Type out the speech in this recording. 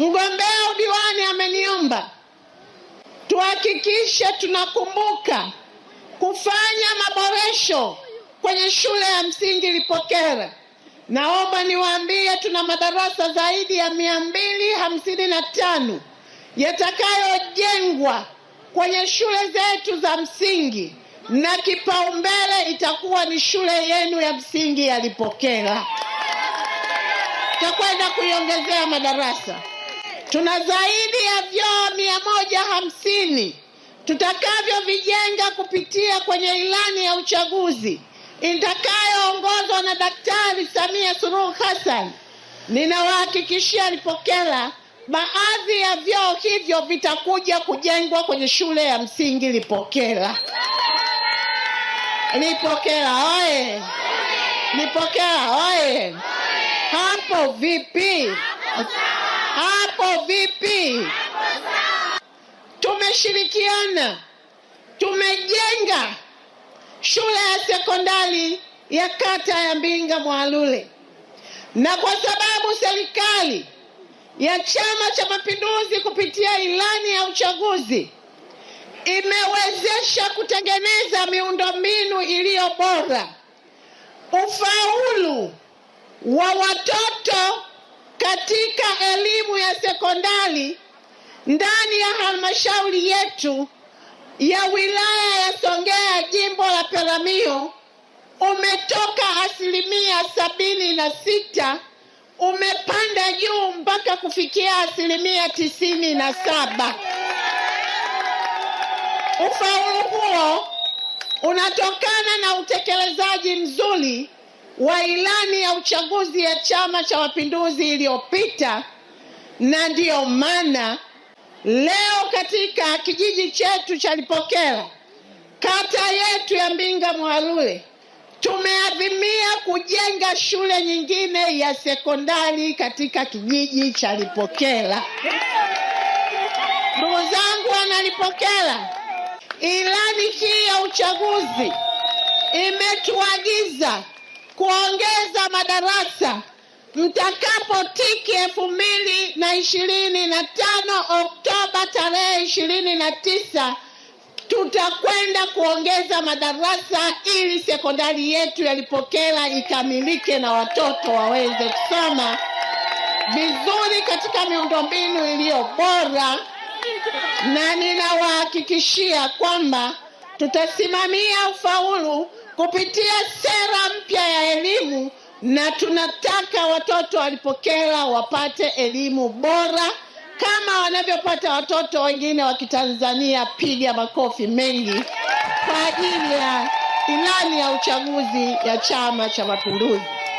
Mgombea udiwani ameniomba tuhakikishe tunakumbuka kufanya maboresho kwenye shule ya msingi Lipokera. Naomba niwaambie tuna madarasa zaidi ya mia mbili hamsini na tano yatakayojengwa kwenye shule zetu za msingi, na kipaumbele itakuwa ni shule yenu ya msingi ya Lipokera. Tutakwenda kuiongezea madarasa. Tuna zaidi ya vyoo mia moja hamsini tutakavyovijenga kupitia kwenye ilani ya uchaguzi itakayoongozwa na Daktari Samia Suluhu Hassan. Ninawahakikishia Lipokela, baadhi ya vyoo hivyo vitakuja kujengwa kwenye shule ya msingi Lipokela. Lipokela oye! Lipokela oye! Hapo vipi? Hapo hapo vipi? Tumeshirikiana, tumejenga shule ya sekondari ya kata ya Mbinga Mwalule, na kwa sababu serikali ya Chama cha Mapinduzi kupitia ilani ya uchaguzi imewezesha kutengeneza miundombinu iliyo bora, ufaulu wa watoto katika elimu ya sekondari ndani ya halmashauri yetu ya wilaya ya Songea jimbo la Peramiho umetoka asilimia sabini na sita umepanda juu mpaka kufikia asilimia tisini na saba. Ufaulu huo unatokana na utekelezaji mzuri wa ilani ya uchaguzi ya Chama cha Mapinduzi iliyopita na ndiyo maana leo katika kijiji chetu cha Lipokela, kata yetu ya Mbinga mwalule tumeazimia kujenga shule nyingine ya sekondari katika kijiji cha Lipokela. Ndugu zangu wana Lipokela, ilani hii ya uchaguzi imetuagiza kuongeza madarasa mtakapo tiki elfu mbili na ishirini na tano Oktoba tarehe ishirini na tisa tutakwenda kuongeza madarasa ili sekondari yetu ya ikamilike na watoto waweze kusoma vizuri katika miundombinu iliyo bora, na ninawahakikishia kwamba tutasimamia ufaulu kupitia sera mpya ya elimu na tunataka watoto walipokela wapate elimu bora kama wanavyopata watoto wengine wa Kitanzania. Piga makofi mengi kwa ajili ya ilani ya uchaguzi ya Chama cha Mapinduzi.